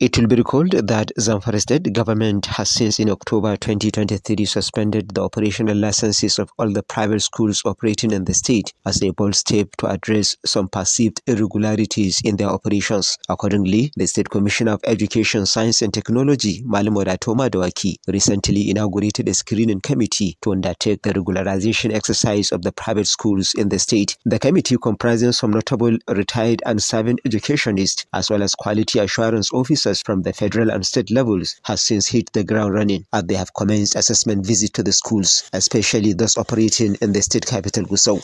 It will be recalled that Zamfara state government has since in October 2023 suspended the operational licenses of all the private schools operating in the state as a bold step to address some perceived irregularities in their operations. Accordingly, the State Commissioner of Education, Science and Technology, Malimoda Dawaki, recently inaugurated a screening committee to undertake the regularization exercise of the private schools in the state. The committee comprises some notable retired and serving educationists as well as quality assurance officers from the federal and state levels has since hit the ground running and they have commenced assessment visits to the schools, especially those operating in the state capital Gusau.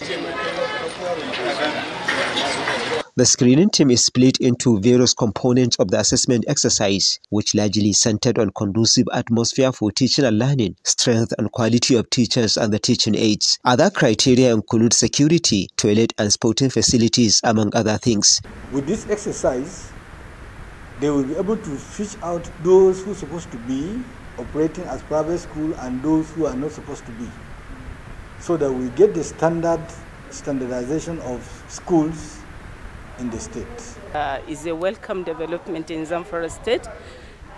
The screening team is split into various components of the assessment exercise, which largely centered on conducive atmosphere for teaching and learning, strength and quality of teachers and the teaching aids. Other criteria include security, toilet and sporting facilities, among other things. With this exercise, they will be able to fish out those who are supposed to be operating as private school and those who are not supposed to be so that we get the standard standardization of schools in the state. Uh, it's a welcome development in Zamfara state,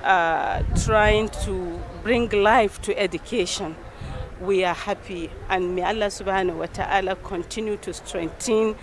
uh, trying to bring life to education. We are happy and may Allah subhanahu wa ta'ala continue to strengthen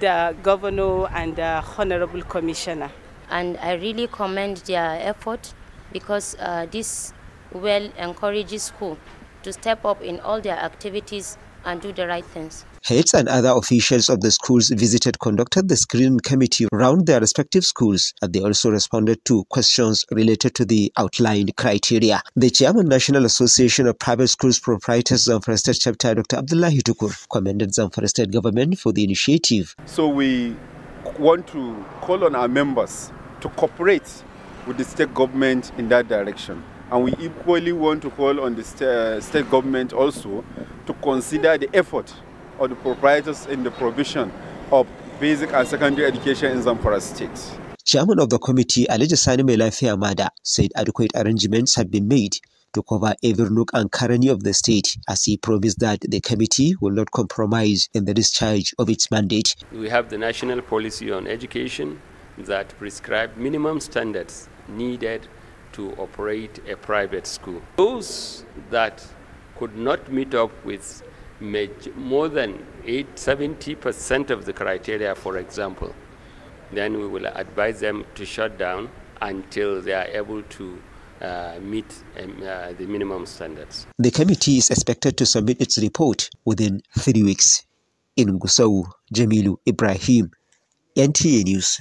the governor and the honorable commissioner and I really commend their effort because uh, this well encourages school to step up in all their activities and do the right things. Heads and other officials of the schools visited conducted the screening committee around their respective schools and they also responded to questions related to the outlined criteria. The chairman National Association of Private Schools Proprietors and Forested Chapter, Dr. Abdullah Tukur, commended Zamfara State Government for the initiative. So we want to call on our members to cooperate with the state government in that direction. And we equally want to call on the st uh, state government also to consider the effort of the proprietors in the provision of basic and secondary education in Zamfara State. Chairman of the committee, Alhaji Sani Mada, said adequate arrangements have been made to cover every nook and cranny of the state, as he promised that the committee will not compromise in the discharge of its mandate. We have the national policy on education, that prescribe minimum standards needed to operate a private school. Those that could not meet up with more than 70% of the criteria, for example, then we will advise them to shut down until they are able to uh, meet um, uh, the minimum standards. The committee is expected to submit its report within three weeks. In Gusau, Jamilu Ibrahim, NTA News.